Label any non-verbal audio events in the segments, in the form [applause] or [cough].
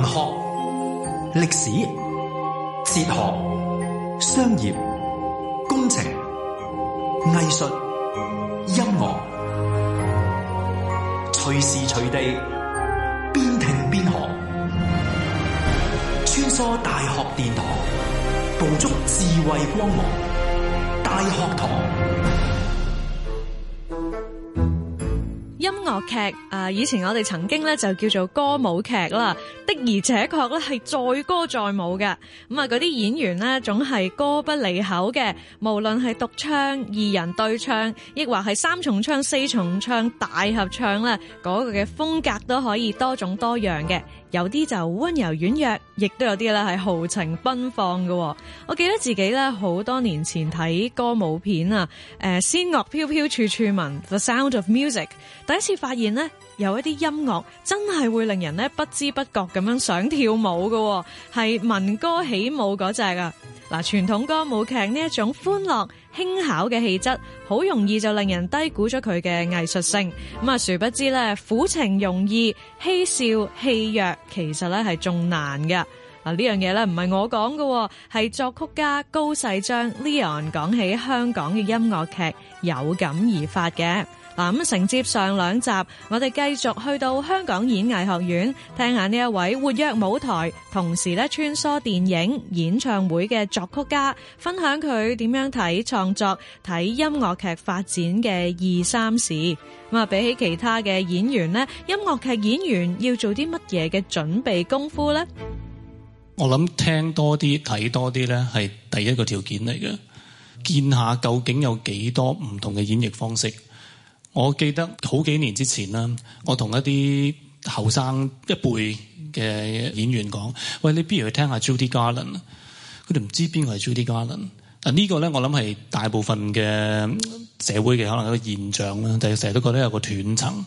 文學、歷史、哲學、商業、工程、藝術、音樂，隨時隨地邊聽邊學，穿梭大學殿堂，捕捉智慧光芒。大學堂。音樂劇啊，以前我哋曾經咧就叫做歌舞劇啦。而且確咧係載歌載舞嘅，咁啊嗰啲演員呢，總係歌不離口嘅，無論係獨唱、二人對唱，亦或係三重唱、四重唱、大合唱啦，嗰、嗰個嘅風格都可以多種多樣嘅，有啲就溫柔婉約。亦都有啲咧係豪情奔放嘅，我記得自己咧好多年前睇歌舞片啊，誒，仙樂飄飄處處聞，The Sound of Music，第一次發現咧有一啲音樂真係會令人咧不知不覺咁樣想跳舞嘅，係聞歌起舞嗰隻啊，嗱，傳統歌舞劇呢一種歡樂。輕巧嘅氣質，好容易就令人低估咗佢嘅藝術性。咁啊，殊不知咧，苦情容易，嬉笑戲謔，其實咧係仲難嘅。嗱，呢樣嘢咧唔係我講嘅，係作曲家高世章 Leon 講起香港嘅音樂劇有感而發嘅。的嗱，咁承接上兩集，我哋繼續去到香港演藝學院，聽下呢一位活躍舞台，同時咧穿梭電影演唱會嘅作曲家，分享佢點樣睇創作、睇音樂劇發展嘅二三事。咁啊，比起其他嘅演員呢，音樂劇演員要做啲乜嘢嘅準備功夫呢？我諗聽多啲、睇多啲咧，係第一個條件嚟嘅。見下究竟有幾多唔同嘅演繹方式。我記得好幾年之前啦，我同一啲後生一輩嘅演員講，喂，你必要聽聽不如去聽下 Judy Garland。佢哋唔知邊個係 Judy Garland。啊，呢個咧，我諗係大部分嘅社會嘅可能一個現象啦。就係成日都覺得有個斷層。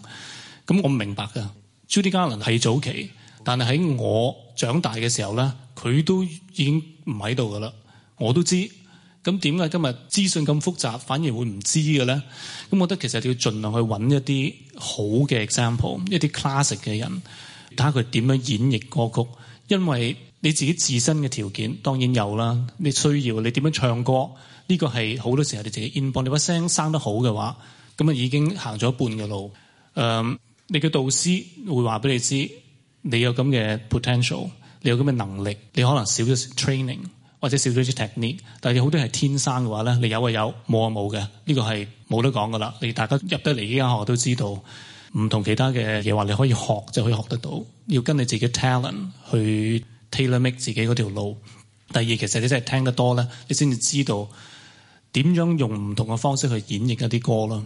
咁我唔明白㗎。Judy Garland 係早期，但係喺我長大嘅時候咧，佢都已經唔喺度㗎啦。我都知。咁點解今日資訊咁複雜，反而會唔知嘅咧？咁我覺得其實你要盡量去揾一啲好嘅 example，一啲 classic 嘅人，睇下佢點樣演繹歌曲。因為你自己自身嘅條件當然有啦，你需要你點樣唱歌，呢個係好多時候你自己 input。你把聲生得好嘅話，咁啊已經行咗一半嘅路。誒、呃，你嘅導師會話俾你知，你有咁嘅 potential，你有咁嘅能力，你可能少咗 training。或者少少 technique 但係有好多係天生嘅話，咧，你有啊有，冇啊冇嘅，呢個係冇得講噶啦。你大家入得嚟呢間學校都知道，唔同其他嘅嘢話，你可以學就可以學得到。要跟你自己 talent 去 tailor make 自己嗰條路。第二，其實你真係聽得多咧，你先至知道點樣用唔同嘅方式去演繹一啲歌啦。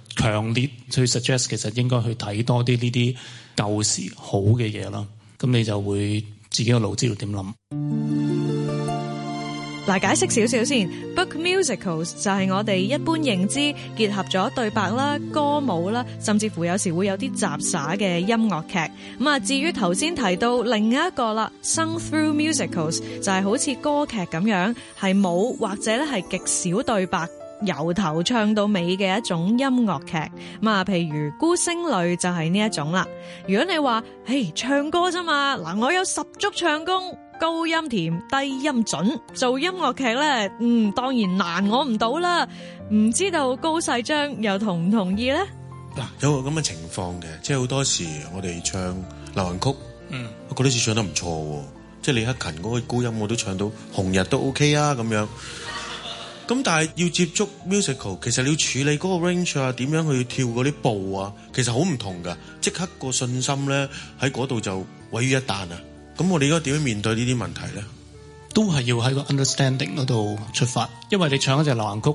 強烈去 suggest 其實應該去睇多啲呢啲舊時好嘅嘢啦，咁你就會自己個腦知道點諗。嗱，解釋少少先，book musicals 就係我哋一般認知結合咗對白啦、歌舞啦，甚至乎有時會有啲雜耍嘅音樂劇。咁啊，至於頭先提到另一個啦 song through musicals 就係好似歌劇咁樣，係冇或者咧係極少對白。由頭唱到尾嘅一種音樂劇，咁啊，譬如《孤星淚》就係呢一種啦。如果你話，嘿唱歌啫嘛，嗱，我有十足唱功，高音甜，低音準，做音樂劇咧，嗯，當然難我唔到啦。唔知道高世章又同唔同意咧？嗱、啊，有個咁嘅情況嘅，即係好多時我哋唱流行曲，嗯，我覺得似唱得唔錯，即係李克勤嗰個高音我都唱到，紅日都 OK 啊，咁樣。咁但係要接觸 musical，其實你要處理嗰個 range 啊，點樣去跳嗰啲步啊，其實好唔同噶。即刻個信心咧喺嗰度就毀於一旦啊！咁我哋應該點樣面對呢啲問題咧？都係要喺個 understanding 嗰度出發，因為你唱一隻流行曲，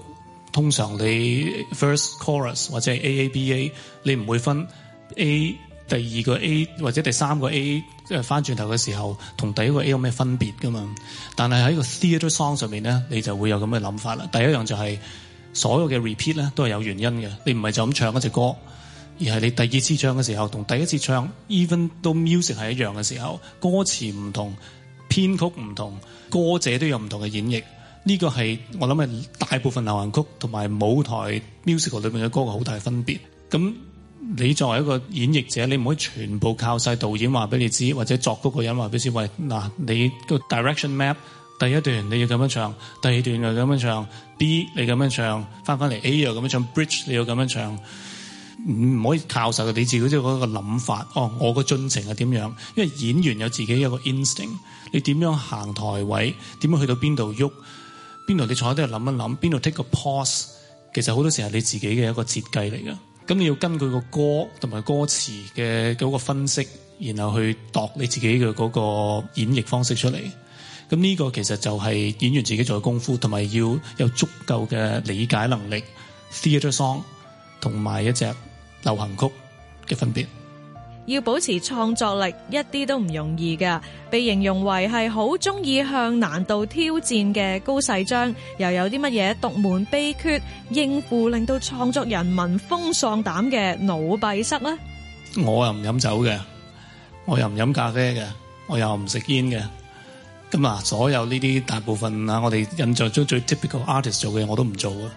通常你 first chorus 或者係 AABA，你唔會分 A 第二個 A 或者第三個 A。即係翻轉頭嘅時候，同第一個 A 有咩分別噶嘛？但係喺個 theatre song 上面咧，你就會有咁嘅諗法啦。第一樣就係所有嘅 repeat 咧，都係有原因嘅。你唔係就咁唱嗰隻歌，而係你第二次唱嘅時候，同第一次唱 even 都 music 係一樣嘅時候，歌詞唔同，編曲唔同，歌者都有唔同嘅演繹。呢個係我諗係大部分流行曲同埋舞台 musical 裏 [music] 面嘅歌嘅好大分別。咁。你作為一個演繹者，你唔可以全部靠晒導演話俾你知，或者作曲個人話俾你知。喂，嗱，你個 direction map 第一段你要咁樣唱，第二段又咁樣唱，B 你咁樣唱，翻返嚟 A 又咁樣唱，bridge 你要咁樣唱。唔可以靠實你自己即係嗰個諗法。哦，我個進程係點樣？因為演員有自己有一個 instinct，你點樣行台位，點樣去到邊度喐，邊度你坐喺度諗一諗，邊度 take 個 pause。其實好多時候係你自己嘅一個設計嚟嘅。咁你要根據個歌同埋歌詞嘅嗰個分析，然後去度你自己嘅嗰個演繹方式出嚟。咁呢個其實就係演員自己做嘅功夫，同埋要有足夠嘅理解能力。Theatre Song 同埋一隻流行曲嘅分別。要保持創作力，一啲都唔容易噶，被形容為係好中意向難度挑戰嘅高世章，又有啲乜嘢獨門秘訣應付，令到創作人聞風喪膽嘅腦閉塞呢？我又唔飲酒嘅，我又唔飲咖啡嘅，我又唔食煙嘅，咁啊，所有呢啲大部分啊，我哋印象中最 typical artist 做嘅嘢，我都唔做啊。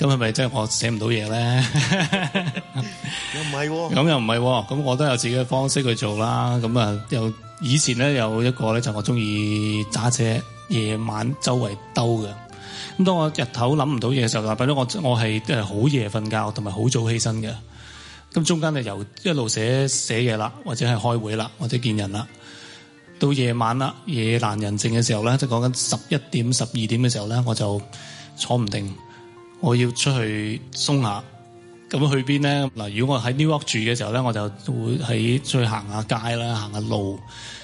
咁係咪真係我寫唔到嘢咧？ [laughs] 又唔係咁，又唔係咁，我都有自己嘅方式去做啦。咁啊，又以前咧有一個咧，就是、我中意揸車，夜晚周圍兜嘅。咁當我日頭諗唔到嘢嘅時候，或、就、咗、是、我我係好夜瞓覺，同埋好早起身嘅。咁中間就由一路寫寫嘢啦，或者係開會啦，或者見人啦，到夜晚啦，夜闌人靜嘅時候咧，就講緊十一點十二點嘅時候咧，我就坐唔定。我要出去鬆下，咁去邊咧？嗱，如果我喺 New York 住嘅時候咧，我就會喺出去行下街啦，行下路。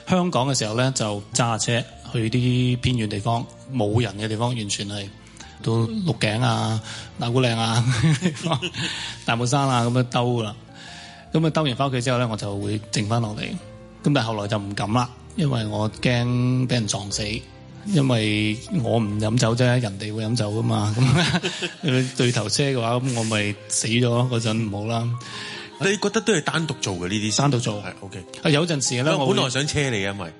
香港嘅時候咧，就揸車去啲偏遠地方，冇人嘅地方，完全係到鹿頸啊、打鼓嶺啊、 [laughs] 大帽山啊咁樣兜啦。咁啊兜完翻屋企之後咧，我就會靜翻落嚟。咁但係後來就唔敢啦，因為我驚俾人撞死。因為我唔飲酒啫，人哋會飲酒噶嘛， [laughs] 對頭車嘅話，我咪死咗嗰陣唔好啦。你覺得都係單獨做嘅呢啲單獨做係 OK，有陣時咧，我本來想車你，因為。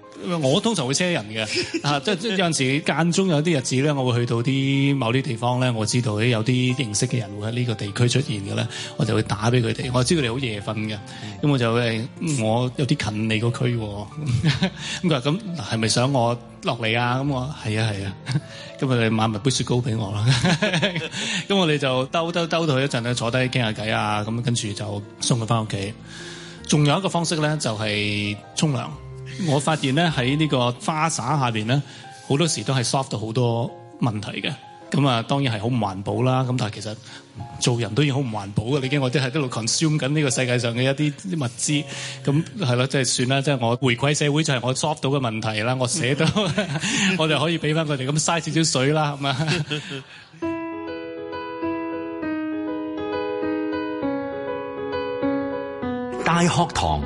我通常會車人嘅，啊， [laughs] 即係有陣時間中有啲日子咧，我會去到啲某啲地方咧，我知道有啲認識嘅人會喺呢個地區出現嘅咧，我就會打俾佢哋。我知佢哋好夜瞓嘅，咁 [laughs] 我就會，我有啲近你個區，咁佢話咁係咪想我落嚟啊？咁我係啊，係啊，咁佢哋買埋杯雪糕俾我啦。咁 [laughs] 我哋就兜兜兜，兜到佢一陣咧，坐低傾下偈啊，咁跟住就送佢翻屋企。仲有一個方式咧，就係沖涼。我發現咧喺呢個花灑下面咧，好多時都係 soft 到好多問題嘅。咁啊，當然係好唔環保啦。咁但係其實做人都已經好唔環保嘅。你經我啲係一路 consume 緊呢個世界上嘅一啲啲物資，咁係喇，即係算啦。即係我回饋社會就係我 soft 到嘅問題啦。我寫到 [laughs] 我哋可以俾翻佢哋咁嘥少少水啦。係咪？ [laughs] 大學堂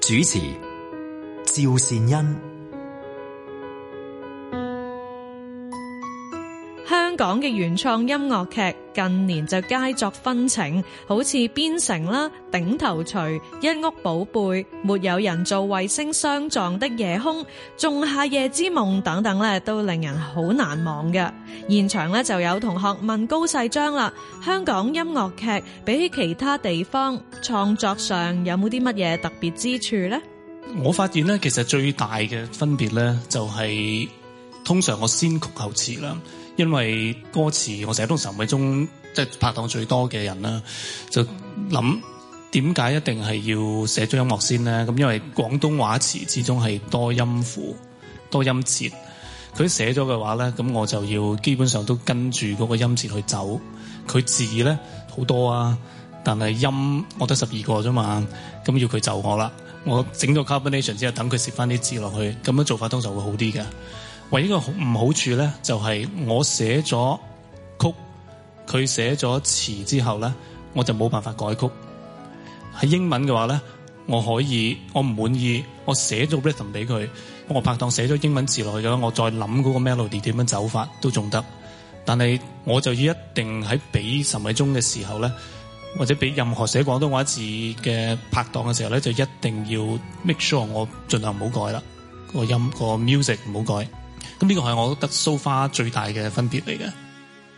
主持。趙善恩，香港嘅原創音樂劇近年就佳作紛呈，好似《邊城》啦、《頂頭錘》、《一屋寶貝》、《沒有人造衛星相撞的夜空》、《仲夏夜之夢》等等咧，都令人好難忘嘅。現場咧就有同學問高世章啦：香港音樂劇比起其他地方創作上有冇啲乜嘢特別之處呢？」我發現咧，其實最大嘅分別咧、就是，就係通常我先曲後詞啦，因為歌詞我寫到都岑偉宗即係、就是、拍檔最多嘅人啦，就諗點解一定係要寫咗音樂先咧？咁因為廣東話詞之中係多音符、多音節，佢寫咗嘅話咧，咁我就要基本上都跟住嗰個音節去走。佢字咧好多啊，但係音我得十二個啫嘛，咁要佢就我啦。我整咗 combination 之後，等佢寫翻啲字落去，咁樣做法通常會好啲嘅。唯一一個唔好處咧，就係、是、我寫咗曲，佢寫咗詞之後咧，我就冇辦法改曲。喺英文嘅話咧，我可以我唔滿意，我寫咗 rhythm 俾佢，我拍檔寫咗英文字落去嘅話，我再諗嗰個 melody 點樣走法都仲得。但係我就要一定喺俾岑偉宗嘅時候咧。或者俾任何寫廣東話字嘅拍檔嘅時候咧，就一定要 make sure 我盡量唔好改啦，個音、個 music 唔好改。咁呢個係我覺得 so far 最大嘅分別嚟嘅。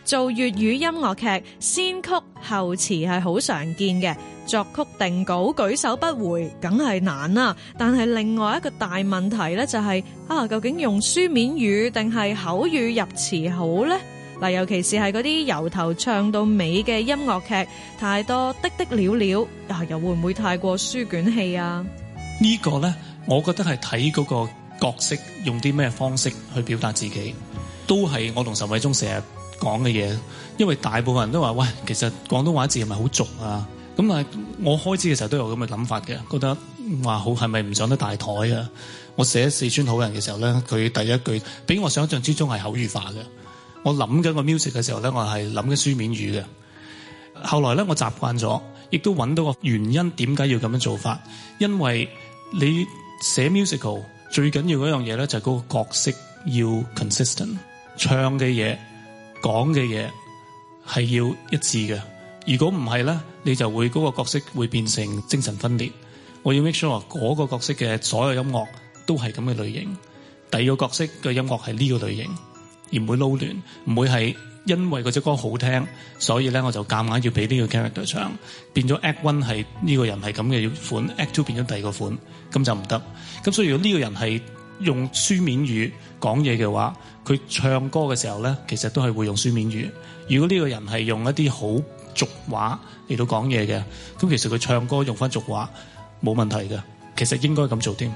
做粵語音樂劇，先曲後詞係好常見嘅，作曲定稿舉手不回，梗係難啦、啊。但係另外一個大問題咧、就係，就係啊，究竟用書面語定係口語入詞好咧？嗱，尤其是係嗰啲由頭唱到尾嘅音樂劇，太多的的了了，又會唔會太過書卷氣啊？這個呢個咧，我覺得係睇嗰個角色用啲咩方式去表達自己，都係我同岑偉忠成日講嘅嘢。因為大部分人都話喂，其實廣東話字係咪好俗啊？咁啊，我開始嘅時候都有咁嘅諗法嘅，覺得話，好係咪唔上得大台啊？我寫《四川好人》嘅時候咧，佢第一句比我想象之中係口語化嘅。我諗緊個 music 嘅時候咧，我係諗緊書面語嘅。後來咧，我習慣咗，亦都揾到個原因點解要咁樣做法。因為你寫 musical 最緊要嗰樣嘢咧，就係嗰個角色要 consistent，唱嘅嘢、講嘅嘢係要一致嘅。如果唔係咧，你就會嗰個角色會變成精神分裂。我要 make sure 嗰個角色嘅所有音樂都係咁嘅類型，第二個角色嘅音樂係呢個類型。而唔會撈亂，唔會係因為嗰隻歌好聽，所以咧我就夾硬要俾呢個 character 唱，變咗 act one 係呢個人係咁嘅款，act two 變咗第二個款，咁就唔得。咁所以如果呢個人係用書面語講嘢嘅話，佢唱歌嘅時候咧，其實都係會用書面語。如果呢個人係用一啲好俗話嚟到講嘢嘅，咁其實佢唱歌用翻俗話冇問題嘅，其實應該咁做添。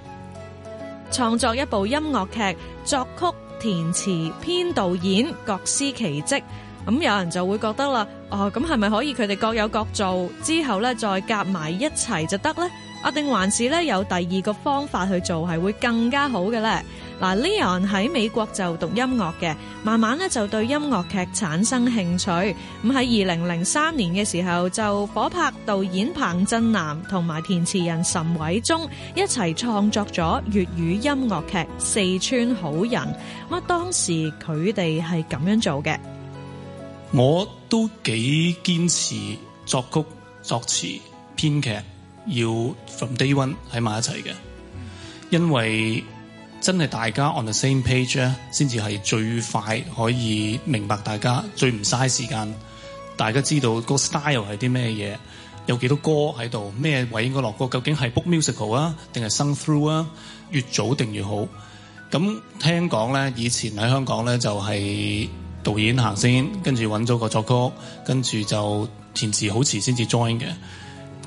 創作一部音樂劇，作曲、填詞、編導演各司其職，咁有人就會覺得啦，哦，咁係咪可以佢哋各有各做，之後咧再夾埋一齊就得呢？」阿定還是咧有第二個方法去做，係會更加好嘅咧。嗱，Leon 喺美國就讀音樂嘅，慢慢咧就對音樂劇產生興趣。咁喺二零零三年嘅時候，就火拍導演彭鎮南同埋填詞人岑偉宗一齊創作咗粵語音樂劇《四川好人》。咁當時佢哋係咁樣做嘅。我都幾堅持作曲、作詞、編劇。要 from day one 喺埋一齊嘅，因為真係大家 on the same page 啊，先至係最快可以明白大家最唔嘥時間。大家知道個 style 係啲咩嘢，有幾多歌喺度，咩位應該落歌，究竟係 book musical 啊，定係 sung through 啊，越早定越好。咁聽講咧，以前喺香港咧就係導演行先，跟住揾咗個作曲，跟住就填詞好遲先至 join 嘅。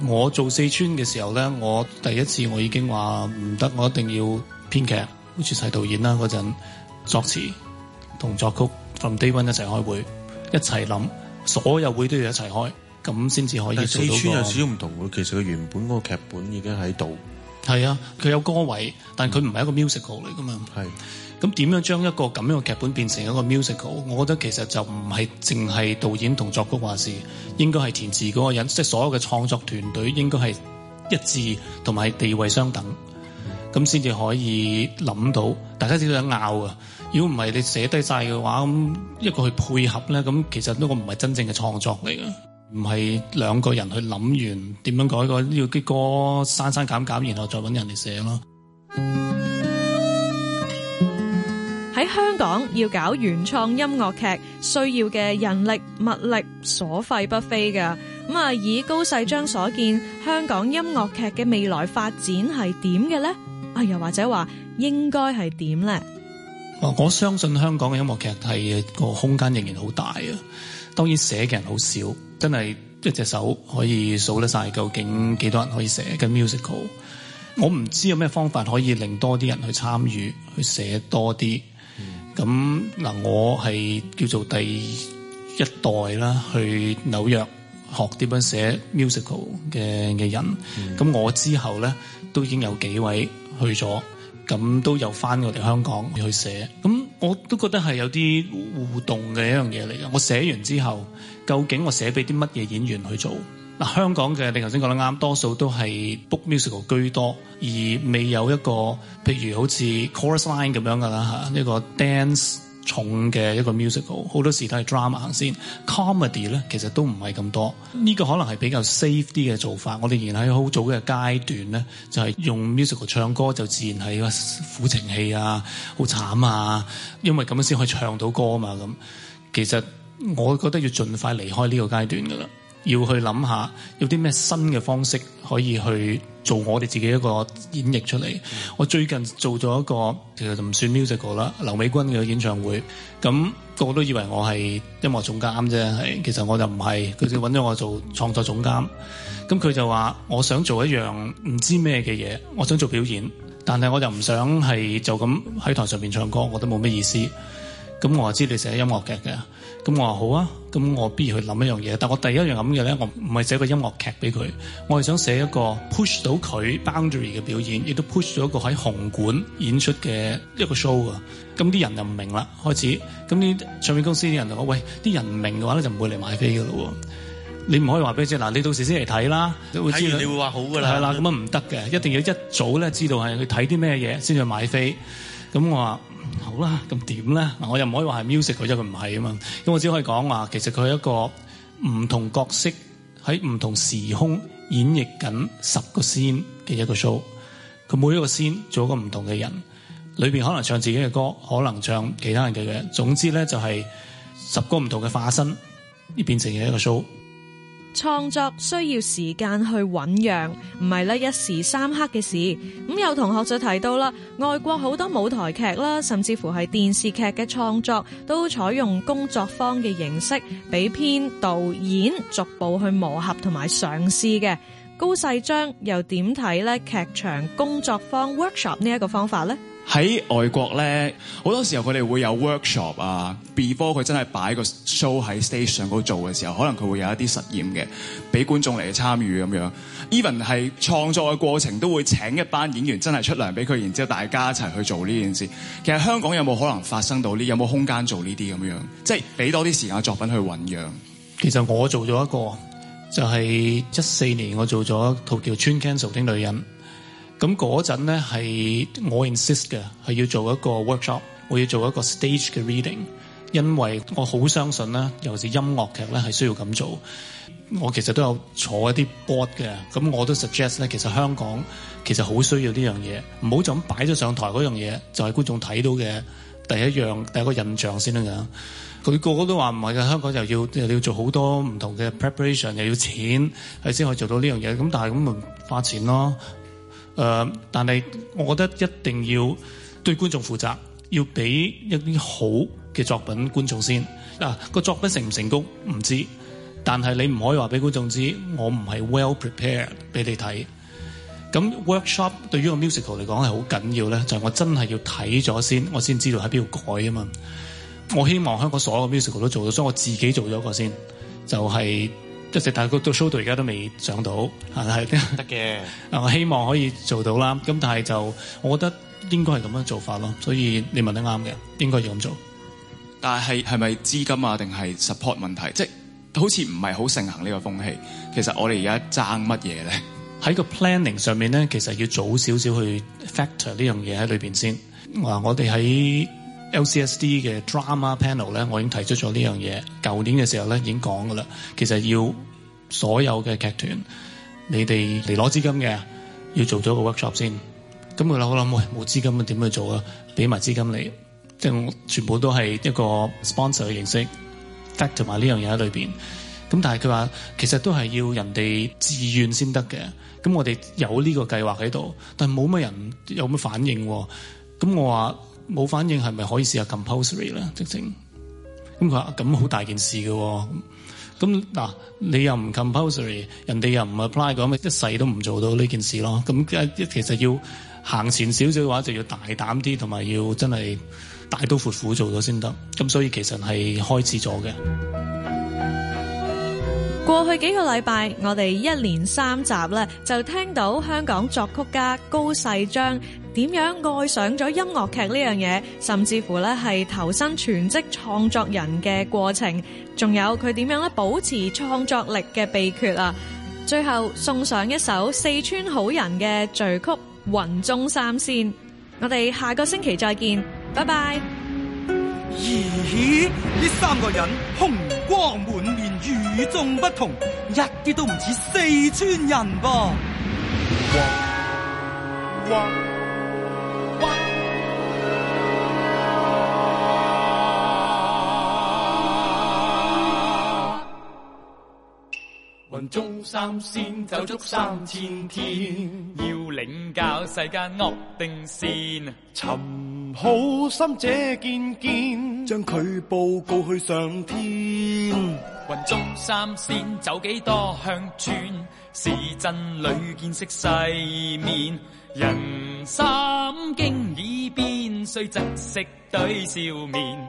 我做四川嘅時候咧，我第一次我已經話唔得，我一定要編劇，好似細導演啦，嗰陣作詞同作曲 from day one 一齊開會，一齊諗，所有會都要一齊開，咁先至可以做到。四川有少少唔同，其實佢原本嗰個劇本已經喺度。係啊，佢有歌位，但佢唔係一個 musical 嚟噶嘛。係。咁點樣將一個咁樣嘅劇本變成一個 musical？我覺得其實就唔係淨係導演同作曲話事，應該係填詞嗰個人，即係所有嘅創作團隊應該係一致同埋地位相等，咁先至可以諗到。大家知道有拗啊！如果唔係你寫低曬嘅話，咁一個去配合咧，咁其實呢個唔係真正嘅創作嚟嘅，唔係兩個人去諗完點樣改一個，呢個要啲歌刪刪減減，然後再揾人嚟寫咯。嗯要搞原創音樂劇，需要嘅人力物力所費不菲㗎。咁啊，以高世章所見，香港音樂劇嘅未來發展係點嘅呢？啊，又或者話應該係點呢？我相信香港嘅音樂劇係個空間仍然好大啊。當然寫嘅人好少，真係一隻手可以數得晒，究竟幾多人可以寫嘅 musical？我唔知有咩方法可以令多啲人去參與，去寫多啲。嗯咁嗱、啊，我係叫做第一代啦，去紐約學點樣寫 musical 嘅嘅人。咁、嗯、我之後咧都已經有幾位去咗，咁都有返我哋香港去寫。咁我都覺得係有啲互動嘅一樣嘢嚟嘅。我寫完之後，究竟我寫俾啲乜嘢演員去做？嗱，香港嘅你頭先講得啱，多數都係 book musical 居多，而未有一個譬如好似 chorus line 咁樣噶啦嚇，呢個 dance 重嘅一個 musical，好多時都係 drama 行先，comedy 咧其實都唔係咁多，呢個可能係比較 safe 啲嘅做法。我哋而喺好早嘅階段咧，就係用 musical 唱歌，就自然係個苦情戲啊，好慘啊，因為咁樣先可以唱到歌嘛。咁其實我覺得要盡快離開呢個階段噶啦。要去諗下有啲咩新嘅方式可以去做我哋自己一個演繹出嚟。我最近做咗一個其實就唔算 musical 啦，劉美君嘅演唱會。咁個個都以為我係音樂總監啫，係其實我就唔係。佢就搵咗我做創作總監。咁佢就話，我想做一樣唔知咩嘅嘢，我想做表演，但係我就唔想係就咁喺台上面唱歌，我都冇咩意思。咁我話，知你寫音樂劇嘅。咁我話好啊，咁我不如去諗一樣嘢，但我第一樣諗嘅咧，我唔係寫個音樂劇俾佢，我係想寫一個 push 到佢 boundary 嘅表演，亦都 push 咗一個喺紅館演出嘅一個 show 啊！咁啲人就唔明啦，開始咁啲唱片公司啲人就話喂，啲人唔明嘅話咧就唔會嚟買飛噶咯喎，你唔可以話俾佢知。嗱，你到時先嚟睇啦，睇完你會話好噶啦，係啦，咁樣唔得嘅，一定要一早咧知道係去睇啲咩嘢先去買飛，咁我話。好啦，咁點咧？嗱，我又唔可以話係 music，因為佢唔係啊嘛。咁我只可以講話其實佢係一個唔同角色喺唔同時空演繹緊十個仙嘅一個 show。佢每一個仙做一個唔同嘅人，裏邊可能唱自己嘅歌，可能唱其他人嘅嘢。總之咧，就係十個唔同嘅化身而變成嘅一個 show。創作需要時間去醞釀，唔係咧一時三刻嘅事。咁有同學就提到啦，外國好多舞台劇啦，甚至乎係電視劇嘅創作都採用工作坊嘅形式，俾編導演逐步去磨合同埋嘗試嘅。高世章又點睇咧？劇場工作坊 workshop 呢一個方法呢？喺外國咧，好多時候佢哋會有 workshop 啊，before 佢真係擺個 show 喺 stage 上度做嘅時候，可能佢會有一啲實驗嘅，俾觀眾嚟參與咁樣。Even 係創作嘅過程都會請一班演員真係出糧俾佢，然之後大家一齊去做呢件事。其實香港有冇可能發生到呢？有冇空間做呢啲咁樣？即係俾多啲時間作品去醖釀。其實我做咗一個，就係一四年我做咗一套叫《穿 Kenzo 的女人》。咁嗰陣咧係我 insist 嘅係要做一個 workshop，我要做一個 stage 嘅 reading，因為我好相信啦，尤其是音樂劇咧係需要咁做。我其實都有坐一啲 board 嘅，咁我都 suggest 咧，其實香港其實好需要呢樣嘢，唔好就咁擺咗上台嗰樣嘢，就係、是、觀眾睇到嘅第一樣、第一個印象先得㗎。佢個個都話唔係嘅，香港又要又要做好多唔同嘅 preparation，又要錢，係先可以做到呢樣嘢。咁但係咁咪花錢咯。誒，uh, 但係我覺得一定要對觀眾負責，要俾一啲好嘅作品觀眾先。嗱、啊，個作品成唔成功唔知，但係你唔可以話俾觀眾知我唔係 well prepared 俾你睇。咁 workshop 對於個 musical 嚟講係好緊要咧，就係、是、我真係要睇咗先，我先知道喺邊度改啊嘛。我希望香港所有嘅 musical 都做到，所以我自己做咗一個先，就係、是。即係但係到 show 到而家都未上到，係得嘅。啊， [laughs] 我希望可以做到啦。咁但係就，我覺得應該係咁樣做法咯。所以你問得啱嘅，應該要咁做。但係係咪資金啊，定係 support 問題？即係好似唔係好盛行呢個風氣。其實我哋而家爭乜嘢咧？喺個 planning 上面咧，其實要早少少去 factor 呢樣嘢喺裏邊先。嗱，我哋喺。LCSD 嘅 drama panel 咧，我已經提出咗呢樣嘢。舊年嘅時候咧，已經講噶啦。其實要所有嘅劇團，你哋嚟攞資金嘅，要做咗個 workshop 先。咁佢話好啦，我諗，喂，冇資金啊，點去做啊？俾埋資金你，即係我全部都係一個 sponsor 嘅形式，fact 同埋呢樣嘢喺裏邊，咁、mm hmm. 但係佢話其實都係要人哋自願先得嘅。咁我哋有呢個計劃喺度，但係冇乜人有乜反應喎。咁我話。冇反應係咪可以試下 compulsory 咧？直情咁佢話咁好大件事嘅喎，哦，咁嗱、啊、你又唔 compulsory，人哋又唔 apply 咁，一世都唔做到呢件事咯。咁一其實要行前少少嘅話，就要大膽啲，同埋要真係大刀闊斧腐做到先得。咁所以其實係開始咗嘅。過去幾個禮拜，我哋一連三集咧，就聽到香港作曲家高世章點樣愛上咗音樂劇呢樣嘢，甚至乎咧係投身全職創作人嘅過程，仲有佢點樣咧保持創作力嘅秘訣啊！最後送上一首四川好人嘅序曲《雲中三線》，我哋下個星期再見，拜拜。咦？呢三個人紅光滿面，與眾不同，一啲都唔似四川人噃。雲中三仙走足三千天，要領教世間惡定善。好心者見見，將佢報告去上天。雲中三仙走幾多鄉村、市鎮裏見識世面，人心經已變，雖珍惜對笑面。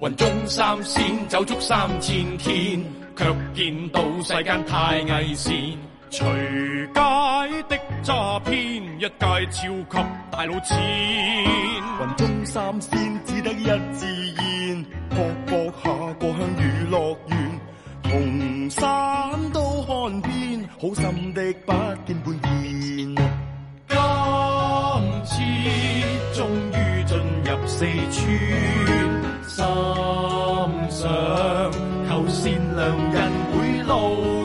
雲中三仙走足三千天，卻見到世間太危險。隨街的詐騙，一介超級大老千。雲中三仙只得一支煙，各駁下個鄉與樂園，同山都看遍，好心的不見半面。今次終於進入四川，心想求善良人會路，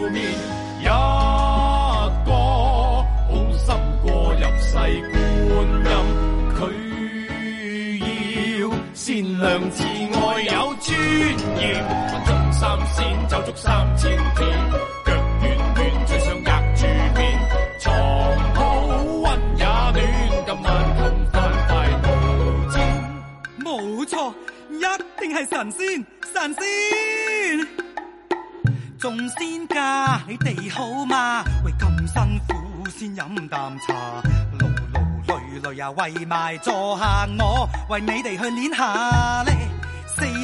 尊嚴，穿中三衫走足三千天，腳軟軟，最想壓住面，床好溫也暖。今晚同翻大頭尖，冇錯，一定係神仙，神仙。眾仙家，你哋好嗎？喂，咁辛苦先飲啖茶，勞勞累累呀，為埋坐下我，為你哋去練下咧。